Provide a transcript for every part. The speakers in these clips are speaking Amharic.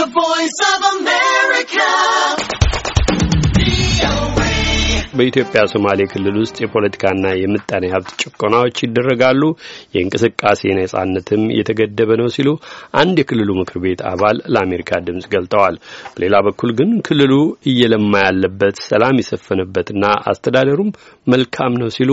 The Voice of man. በኢትዮጵያ ሶማሌ ክልል ውስጥ የፖለቲካና የምጣኔ ሀብት ጭቆናዎች ይደረጋሉ፣ የእንቅስቃሴ ነጻነትም የተገደበ ነው ሲሉ አንድ የክልሉ ምክር ቤት አባል ለአሜሪካ ድምጽ ገልጠዋል። በሌላ በኩል ግን ክልሉ እየለማ ያለበት ሰላም የሰፈነበትና አስተዳደሩም መልካም ነው ሲሉ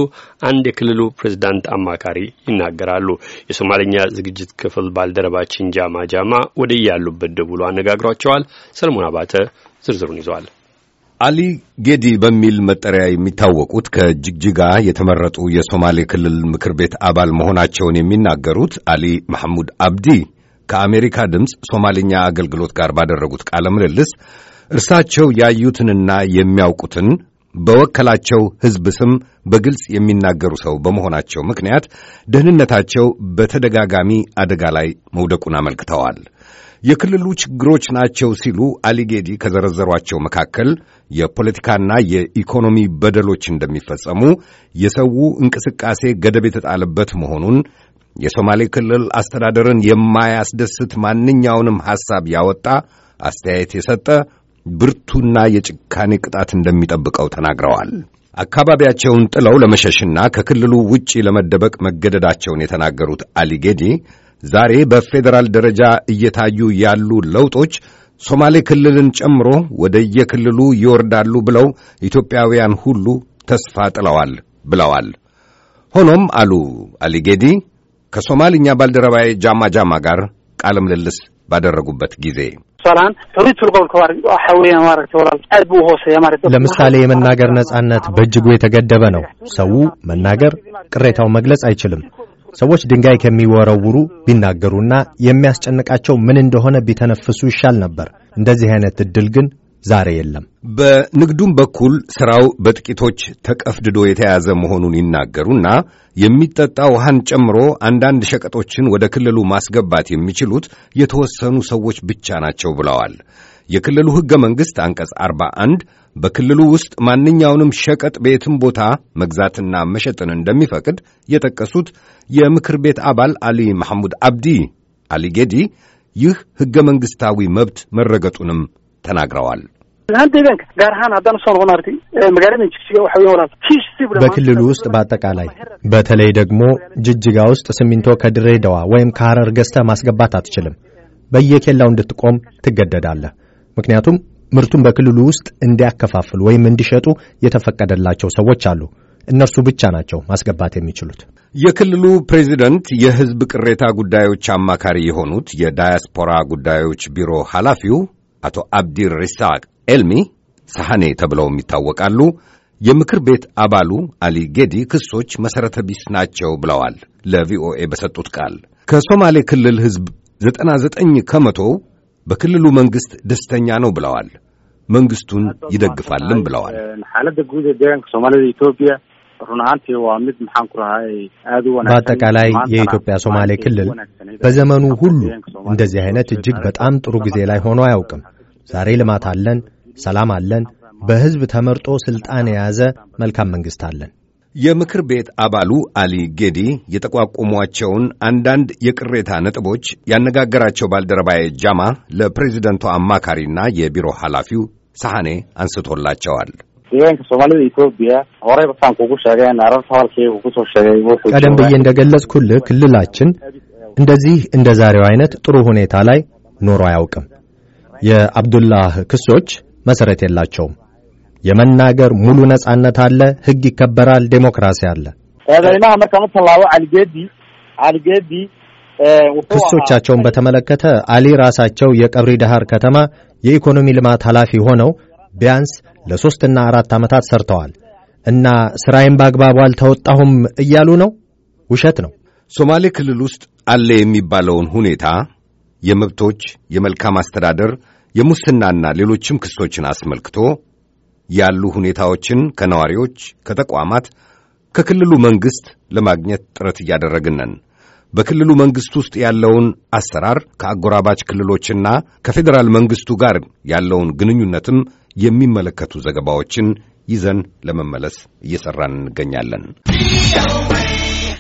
አንድ የክልሉ ፕሬዝዳንት አማካሪ ይናገራሉ። የሶማሌኛ ዝግጅት ክፍል ባልደረባችን ጃማ ጃማ ወደ ያሉበት ደውሎ አነጋግሯቸዋል። ሰለሞን አባተ ዝርዝሩን ይዟል። አሊ ጌዲ በሚል መጠሪያ የሚታወቁት ከጅግጅጋ የተመረጡ የሶማሌ ክልል ምክር ቤት አባል መሆናቸውን የሚናገሩት አሊ መሐሙድ አብዲ ከአሜሪካ ድምፅ ሶማሌኛ አገልግሎት ጋር ባደረጉት ቃለ ምልልስ እርሳቸው ያዩትንና የሚያውቁትን በወከላቸው ሕዝብ ስም በግልጽ የሚናገሩ ሰው በመሆናቸው ምክንያት ደህንነታቸው በተደጋጋሚ አደጋ ላይ መውደቁን አመልክተዋል። የክልሉ ችግሮች ናቸው ሲሉ አሊጌዲ ከዘረዘሯቸው መካከል የፖለቲካና የኢኮኖሚ በደሎች እንደሚፈጸሙ፣ የሰው እንቅስቃሴ ገደብ የተጣለበት መሆኑን የሶማሌ ክልል አስተዳደርን የማያስደስት ማንኛውንም ሐሳብ ያወጣ አስተያየት የሰጠ ብርቱና የጭካኔ ቅጣት እንደሚጠብቀው ተናግረዋል። አካባቢያቸውን ጥለው ለመሸሽና ከክልሉ ውጪ ለመደበቅ መገደዳቸውን የተናገሩት አሊጌዲ ዛሬ በፌዴራል ደረጃ እየታዩ ያሉ ለውጦች ሶማሌ ክልልን ጨምሮ ወደየክልሉ ይወርዳሉ ብለው ኢትዮጵያውያን ሁሉ ተስፋ ጥለዋል ብለዋል። ሆኖም አሉ አሊጌዲ ከሶማልኛ ባልደረባዬ ጃማ ጃማ ጋር ቃለ ምልልስ ባደረጉበት ጊዜ አድ ለምሳሌ የመናገር ነጻነት በእጅጉ የተገደበ ነው። ሰው መናገር ቅሬታው መግለጽ አይችልም። ሰዎች ድንጋይ ከሚወረውሩ ቢናገሩና የሚያስጨንቃቸው ምን እንደሆነ ቢተነፍሱ ይሻል ነበር። እንደዚህ አይነት እድል ግን ዛሬ የለም። በንግዱም በኩል ስራው በጥቂቶች ተቀፍድዶ የተያዘ መሆኑን ይናገሩና የሚጠጣ ውሃን ጨምሮ አንዳንድ ሸቀጦችን ወደ ክልሉ ማስገባት የሚችሉት የተወሰኑ ሰዎች ብቻ ናቸው ብለዋል። የክልሉ ሕገ መንግሥት አንቀጽ 41 በክልሉ ውስጥ ማንኛውንም ሸቀጥ በየትም ቦታ መግዛትና መሸጥን እንደሚፈቅድ የጠቀሱት የምክር ቤት አባል አሊ መሐሙድ አብዲ አሊ ጌዲ ይህ ሕገ መንግሥታዊ መብት መረገጡንም ተናግረዋል። Eh, በክልሉ ውስጥ በአጠቃላይ በተለይ ደግሞ ጅጅጋ ውስጥ ሲሚንቶ ከድሬዳዋ ወይም ከሐረር ገዝተ ማስገባት አትችልም። በየኬላው እንድትቆም ትገደዳለህ። ምክንያቱም ምርቱን በክልሉ ውስጥ እንዲያከፋፍሉ ወይም እንዲሸጡ የተፈቀደላቸው ሰዎች አሉ። እነርሱ ብቻ ናቸው ማስገባት የሚችሉት። የክልሉ ፕሬዚደንት የሕዝብ ቅሬታ ጉዳዮች አማካሪ የሆኑት የዳያስፖራ ጉዳዮች ቢሮ ኃላፊው አቶ አብዲር ሪሳቅ ኤልሚ ሳሐኔ ተብለውም ይታወቃሉ። የምክር ቤት አባሉ አሊ ጌዲ ክሶች መሠረተ ቢስ ናቸው ብለዋል ለቪኦኤ በሰጡት ቃል። ከሶማሌ ክልል ሕዝብ ዘጠና ዘጠኝ ከመቶው በክልሉ መንግሥት ደስተኛ ነው ብለዋል። መንግሥቱን ይደግፋልም ብለዋል። በአጠቃላይ የኢትዮጵያ ሶማሌ ክልል በዘመኑ ሁሉ እንደዚህ አይነት እጅግ በጣም ጥሩ ጊዜ ላይ ሆኖ አያውቅም። ዛሬ ልማት አለን፣ ሰላም አለን። በሕዝብ ተመርጦ ሥልጣን የያዘ መልካም መንግሥት አለን። የምክር ቤት አባሉ አሊ ጌዲ የጠቋቁሟቸውን አንዳንድ የቅሬታ ነጥቦች ያነጋገራቸው ባልደረባዬ ጃማ ለፕሬዚደንቱ አማካሪና የቢሮ ኃላፊው ሳሐኔ አንስቶላቸዋል። ቀደም ብዬ እንደገለጽኩልህ ክልላችን እንደዚህ እንደ ዛሬው አይነት ጥሩ ሁኔታ ላይ ኖሮ አያውቅም። የአብዱላህ ክሶች መሰረት የላቸውም። የመናገር ሙሉ ነጻነት አለ፣ ህግ ይከበራል፣ ዴሞክራሲ አለ። ክሶቻቸውን በተመለከተ አሊ ራሳቸው የቀብሪ ዳሃር ከተማ የኢኮኖሚ ልማት ኃላፊ ሆነው ቢያንስ ለሦስትና አራት ዓመታት ሰርተዋል እና ሥራዬን በአግባቡ አልተወጣሁም እያሉ ነው። ውሸት ነው። ሶማሌ ክልል ውስጥ አለ የሚባለውን ሁኔታ የመብቶች የመልካም አስተዳደር የሙስናና ሌሎችም ክሶችን አስመልክቶ ያሉ ሁኔታዎችን ከነዋሪዎች፣ ከተቋማት፣ ከክልሉ መንግሥት ለማግኘት ጥረት እያደረግን ነን። በክልሉ መንግሥት ውስጥ ያለውን አሰራር ከአጎራባች ክልሎችና ከፌዴራል መንግሥቱ ጋር ያለውን ግንኙነትም የሚመለከቱ ዘገባዎችን ይዘን ለመመለስ እየሠራን እንገኛለን።